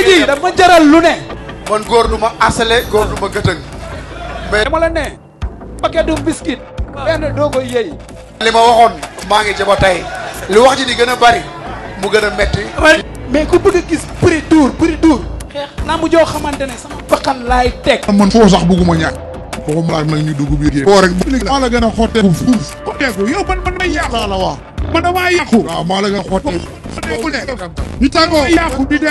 lamb ji dama jaral lu ne. man góor du ma asale góor du ma gëtëng. mais dama la ne. paquet du biscuit. benn doo ko yëy. li ma waxoon maa ngi jaba tey. li wax ji di gën a bari mu gën a metti. mais ku bëgg a gis prix dur prix dur. xeex lamb joo xamante ne sama bakkan laay teg. man foo sax bëgguma ñàkk. boo ko nag ñu dugg biir koo rek maa la gën a xotteeku fuuf xotteeku yow man man may yàqu la waaw man damaa yàqu waaw maa la gën a xotteeku ku nekk ñu tàggoo yàqu di dee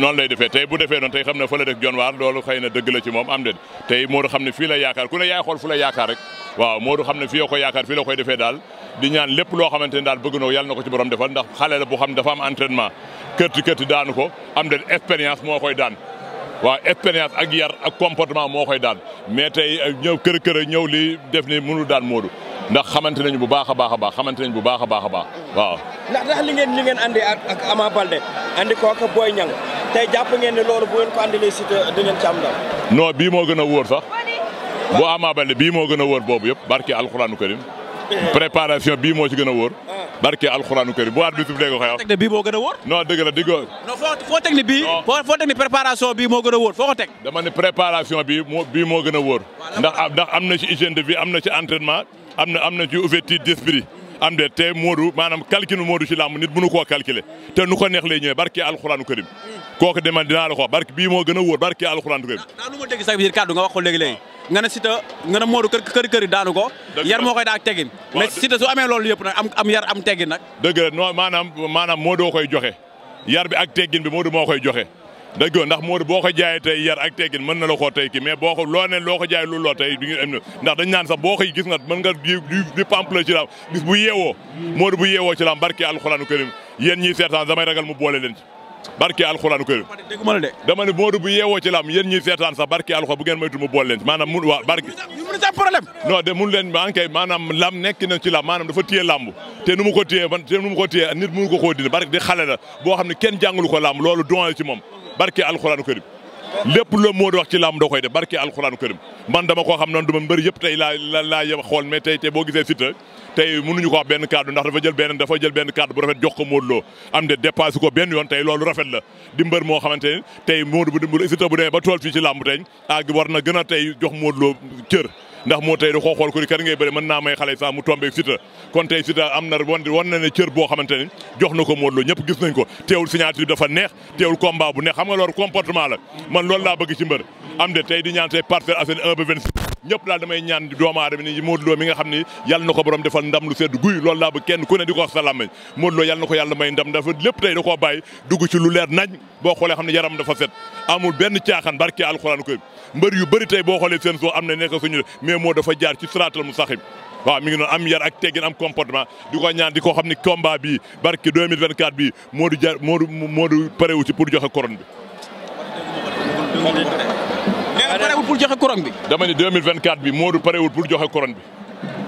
noonu lay defee tey bu defee noonu tey xam ne fa la def John Waar loolu xëy na dëgg la ci moom am de tey Modou xam ne fii la yaakaar ku ne yaay xool fu la yaakaar rek waaw Modou xam ne fii la ko yaakaar fii la koy defee daal di ñaan lépp loo xamante ne daal bëgg na yàlla na ko ci borom defal ndax xale la boo xam ne dafa am entraînement kërti kërti daanu ko am de expérience moo koy daan waaw expérience ak yar ak comportement moo koy daan mais tey ñëw kër kër ñëw lii def ni mënul daan Modou ndax xamante nañu bu baax a baax a baax xamante nañu bu baax a baax baax waaw. ndax ndax li ngeen li ngeen andi ak ak Balde andi ko ak Boy Niang tey jàpp ngeen ne loolu bu ngeen ko andilee Siteu dangeen ci am ndam. non bii moo gën a wóor sax bu Ama Balde bii moo gën a wóor boobu yëpp barki alxuraanu karim préparation bii moo ci gën a wóor. Ah. barke alxuraanu karim bu arbitre bi léegi waxee. teg ne bii moo gën a wóor. non dëgg la di ko. non foo foo teg ni bii. foo teg ni préparation bii moo gën a wóor foo ko teg. dama préparation bii moo gën a wóor. ndax am na ci hygiène de vie am na ci entraînement am na am na ci ouverture d'esprit am de te Modou maanaam calcul Modou ci làmb nit mënu koo calculer te nu ko neex lay ñëwee barke alxuraanu karim hmm. kooku demal ko wax barke moo gën a wóor barke alxuraanu karim. naa nga ne Siteu nga ne Modou kër kër kër daanu ko. yar moo koy daal teggin. mais Siteu su amee loolu yëpp nag am am yar am teggin nag. dëgg la non maanaam maanaam Modou koy joxe yar bi ak teggin bi Modou moo koy joxe. dëgg la ndax Modou boo ko jaayee tey yar ak teggin mën na la koo tey kii mais boo ko loo loo ko jaayee lu loo tey du ñu am ndax dañ naan sax boo koy gis nga mën nga di di pample ci laam gis bu yeewoo. Modou bu yeewoo ci laam barki alxuraanu karim yéen ñiy seetaan damay ragal mu boole leen ci barki alxuraanu kër dama ne Modou bu yeewoo ci lam yéen ñuy seetaan sax barki alxuraan bu ngeen moytu mu leen ci maanaam mun de mun leen maa kay maanaam nekk na ci lam maanaam dafa téye lamb te nu mu ko téye man te nu mu ko téye nit mënu ko koo dindi barki di la boo xam ne kenn jàngulu ko lam loolu doon ci moom barki alxuraanu kër lépp la moo di wax ci làmb doo koy def barki alxuraanu karim man dama koo xam noonu ma mbër yëpp tey laa la laa yem xool mais tey tey boo gisee Siteu tey mënuñu ko wax benn kaddu ndax dafa jël benn dafa jël benn kaddu bu rafet jox ko Modou Lo am de dépassé ko benn yoon tey loolu rafet la di mbër moo xamante ne tey Modou bu Siteu bu demee ba tool fii ci làmb tey ah war na gën a tey jox Modou Lo cër ndax moo tey da koo xool ko ni kan ngay bëri mën naa may xale sax mu tombé Siteu kon tey Siteu am na wan ne cër boo xamante ne jox na ko Modou Lo ñëpp gis nañ ko teewul signature dafa neex teewul combat bu neex xam nga loolu comportement la man loolu laa bëgg ci mbër am de tey di ñaan tey Parcelles Assainies 1 ba 26 ñëpp na ko borom defal ndam lu sedd guy loolu laa bu kenn ko wax sa làmmiñ Modou Lo yàlla koo bàyyi dugg ci lu leer nañ boo xoolee xam ne yaram dafa set amul benn caaxaan barke alxuraan koy mbër yu bëri tey boo xoolee am na nekk suñu mais moo dafa jaar ci siraatal mustaqiim waaw am yar ak teggin am di ko ñaan di ko xam ni combat bii barke 2024 bii Modou jar parewu ci pour joxe couronne bi parewul pour joxe couronne bi. dama ni 2024 bi Modou parewul pour joxe couronne bi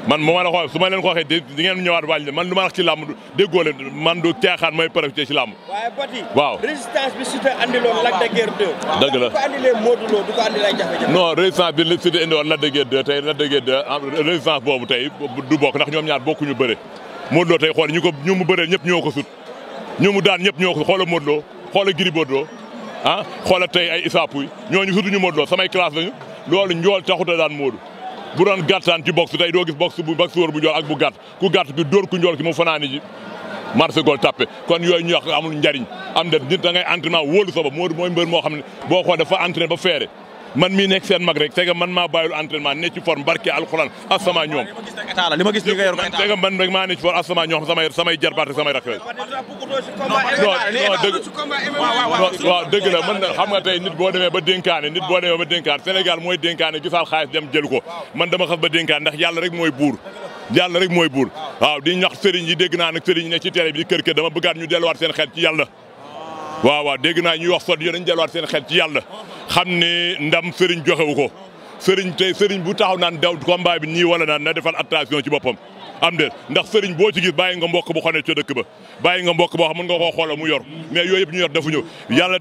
man bu ma la xoolee su ma leen ko waxee di ngeen ñëwaat wàññi man lu ma wax ci làmb déggoo leen man du caaxaan may profité ci làmb. waaye Bati. waaw résistance bi Siteu andiloon Lac dëgg la waaw bu ko andilee Modou Lo du ko andil ay jafe-jafe. non résistance bi li Siteu de Guiers 2 tey de ah, résistance boobu tey du bokk ndax ñoom ñaar bokkuñu bëre Modou Lo tey xool ñu ko ñu mu bëree ñëpp ñoo ko sut ñu mu daan ñëpp ñoo ko xoola Modou Lo xoola Gris doo ah xoolal tey ay isaapuy ñooñu sutuñu Modou Lo samay classe lañu loolu njool taxuta daan Modou bu doon gàttaan ci box tey doo gis box bu box wóor bu njool ak bu gàtt ku gàtt bi dor ku njool ki mu fanaani ji marché gol tappe kon yooyu ñu wax amul njariñ am det nit da ngay entraînement wóolu sa bopp Modou mooy mbër moo xam ne boo xoolee dafa entraîné ba feere man mii nekk seen mag rek tega man maa bàyyul entraînement ne ci forme barke alxuraan asama ñoom li ma gis li nga yor tega man rek maa ne ci forme asama ñoom samay samay jarbaat ak samay rak yooyu waaw dëgg la man xam nga tey nit boo demee ba dénkaane nit boo demee ba dénkaane Sénégal mooy dénkaane gisaal xaalis dem jël ko man dama xas ba dénkaane ndax yàlla rek mooy buur yàlla rek mooy buur waaw di ñax sëriñ yi dégg naa nag sëriñ yi ne ci télé bi kër kër dama bëggaat ñu delluwaat seen xel ci yàlla waaw waaw dégg naa ñuy wax sot yo dañu delluwaat seen xel ci yàlla xam ne ndam sëriñ joxewu ko sëriñ tey sëriñ bu taxaw naan daw combat bi ñii wala na defal attention ci boppam boo ci gis bàyyi nga mbokk bu xone ca bàyyi nga mbokk boo xam mën nga koo xoolal mu yor mais yooyu yëpp ñu yor defuñu yàlla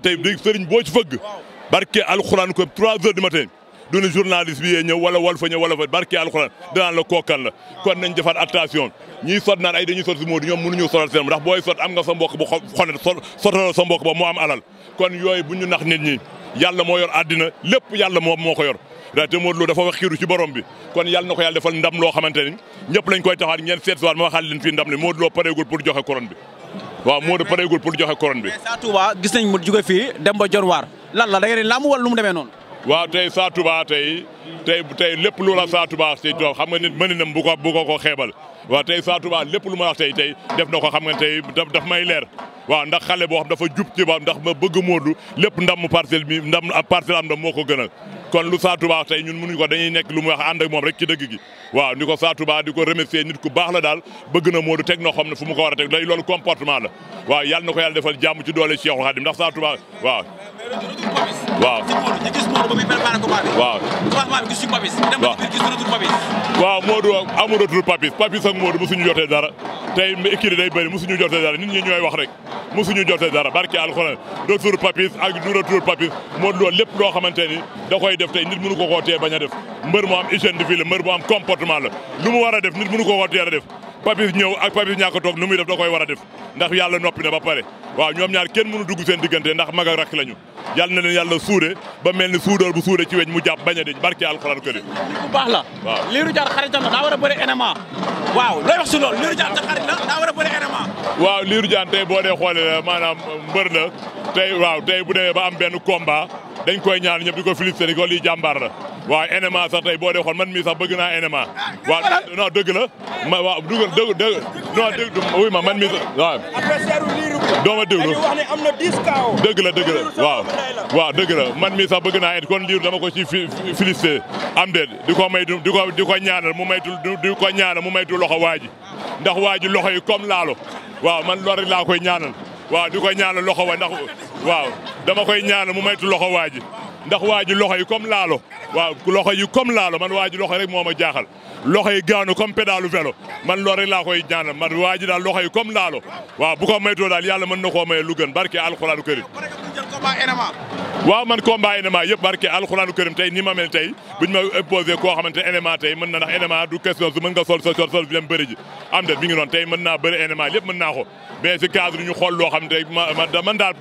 boo ci fëgg barke alxuraan ko 3 heures wala wal wala fa barke alxuraan danaan kon nañ defaat attention ñiy sot naan ay dañuy sot si Modou ñoom mënuñu sotal seen ndax booy sot am nga sa mbokk bu xone sotal sa mbokk ba mu am alal kon yooyu bu ñu nax nit ñi yàlla moo yor àddina lépp yàlla moo moo ko yor te Modou Lo dafa wax xiiru ci borom bi kon yàlla na ko yàlla defal ndam loo xamante ni ñëpp lañ koy taxaat ngeen seet si waat ma waxaat leen fii ndam li Modou Lo pareegul pour joxe couronne bi waaw Modou pareegul pour joxe couronne bi. Sa Touba gis nañ mu dem ba Dior waar lan la da ngeen di mu demee noonu. waaw tey Sa Touba tey tey tey lépp lu la Sa Touba tey xam nga nit mën nam bu ko bu ko ko xeebal waaw tey Sa lépp lu ma wax tey tey def na ko xam nga tey daf may leer waaw ndax xale boo xam dafa jub ci ba ndax ma bëgg Modou lépp ndamu parcelle bi ndam parcelle am na moo ko gënal kon lu Sa Touba tey ñun mënuñu ko dañuy nekk lu mu wax ànd ak moom rek ci dëgg gi waaw ni ko Sa Touba di ko remercier nit ku baax la daal bëgg na Modou teg na xam ne fu mu ko war a teg day loolu comportement la waaw yàlla na ko yàlla defal jàmm ci doole Cheikhul Khadim ndax Sa Touba waaw waaw ñu gis Modou ba muy préparé combat bi. waaw commencement bi gis suñu jotee dara tey équipe day bëri mosuñu jotee dara nit ñi ñooy wax rek mosuñu jotee dara barki alxuraan retour Papis ak du retour Papis Modou loolu lépp loo xamante ni da koy def tey nit mënu ko koo tee bañ a def mbër mu am hygiène de vie la mbër mu am comportement la lu mu war def nit mënu ko koo tee a def Papis ñëw ak Papis ñàkk a toog nu muy def da koy war a def ndax yàlla noppi na ba pare waaw ñoom ñaar kenn mënu dugg seen diggante ndax mag ak rakk lañu yàlla na leen yàlla suude ba mel ni suudóor bu suude ci weñ mu jàpp bañ a deñ barke alxuraan këri bu baax la waaw liiru jaar xaritam la daa war a bëri waaw looy wax liiru jaar sa xarit la daa war a bëri enema waaw liiru jaar tey boo dee xoolee la maanaam mbër la tey waaw tey bu demee ba am benn combat dañ koy ñaan ñëpp di ko félicité di jàmbaar la waaw NMA sax tey boo dee xool man mii sax bëgg naa NMA. waaw dëgg la ma waaw dëgg dëgg dëgg non dëgg oui ma man mii sax waaw. doo ma déglu dëgg la dëgg la waaw. waaw dëgg la man mii sax bëgg naa it kon liir dama ko ci félicité am déet di ko may di ko ko ñaanal mu maytul di ko ñaanal mu maytul loxo waa ji ndax waa ji loxo yi comme laalo waaw man loolu rek laa koy ñaanal waaw di ko ñaanal loxo wa ndax waaw dama koy ñaanal mu maytu loxo waa ji ndax waa ji loxo yi comme laalo waaw loxo yi comme laalo man waa ji loxo rek moo ma jaaxal loxo yi gaanu comme pédalu vélo man loolu rek koy ñaanal man waa ji daal loxo yi comme laalo waaw bu ko maytoo daal yàlla mën na koo maye lu gën al alxuraanu karim combat MMA. waaw man combat MMA yëpp barke alxuraanu kërim tey ni ma mel tey buñ ma imposé koo xamante MMA tey mën na ndax MMA du question su mën nga sol sol sol bi dem am det mi tey mën naa bëri MMA lépp mën naa ko mais si cadre ñu xool loo xam tey ma man daal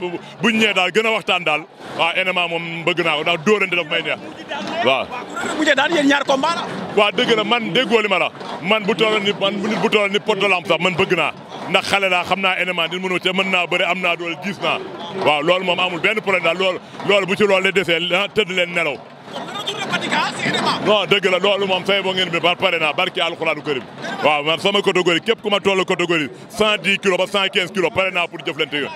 buñ ñëwee daal gën a waxtaan daal waaw MMA moom bëgg naa ko ndax dóorante daf may neex waaw mujjee daal yéen ñaar combat dëgg la man déggoo li ma la man bu tolloon ni man pot de lampe sax man bëgg naa ndax xale laa xam naa élément di mënu te mën naa bëri am naa doole gis naa waaw loolu moom amul benn problème daal loolu loolu bu ci loolu la desee tëdd leen nelaw non dëgg la loolu moom say boo ngeen bi ba pare naa barki alxuraanu karim waaw man sama catégorie képp ku ma toll catégorie cent dix kilos ba cent quinze kilos pare naa pour jëflante yoon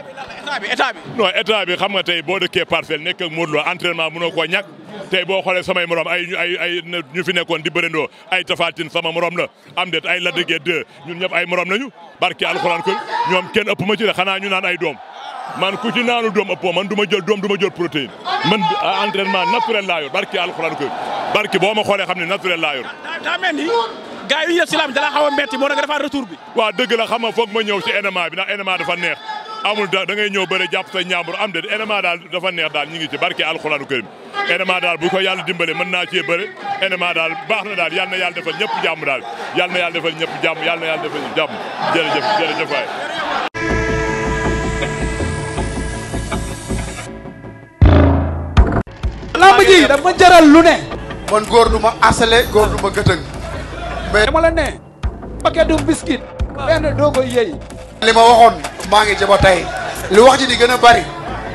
non état bi xam nga tey boo dëkkee parcelle nekk ak Modou Lo entraînement ko koo ñàkk tey boo xoolee samay morom ay ay ñu fi nekkoon di bërindoo ay tafatin sama morom la am det ay la dëggee deux ñun ñëpp ay morom lañu barki alxuraan karim ñoom kenn ëpp ma ci de xanaa ñu naan ay doom man ku ci naanu doom ëppoo man du ma jël doom du ma jël protéine man ah, entraînement naturel laa yor barki alxuraan ko barki boo ma xoolee xam ne naturel laa yor. daa mel ni gars yi yëpp si laam dala xaw a metti moo nga defaat retour bi. waaw dëgg la xam ma ñëw si MMA bi ndax MMA dafa neex amul da ngay ñëw bëre jàpp sa ñaambur am de MMA daal dafa neex daal ñu ngi ci barki alxuraan karim MMA daal bu ko yàlla dimbale mën naa cee bëre MMA daal baax na daal yal ñëpp jàmm daal yal na yàlla defal ñëpp jàmm yal na yàlla defal lii dama jaral lu ne. man góor du ma asale góor du ma gëtëng. mais dama la ne. paquet du biscuit. benn doo koy yëy. li ma waxoon maa ngi jaba tey. li wax ji di gën a bari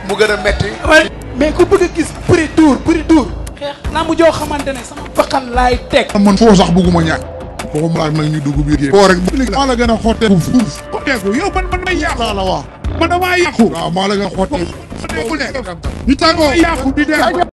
mu gën a metti. mais ku bëgg a gis prix tour prix tour. xeex naa mu joo xamante ne sama bakkan laay teg. man foo sax bugguma ñàkk. waxum laaj nag ñu dugg biir koo rek maa la gën a xottee fuuf xotteeku yow man man may yàqu laa la wax man damaa yàqu waaw maa la gën a xottee ñu tàngoo yàqu di dem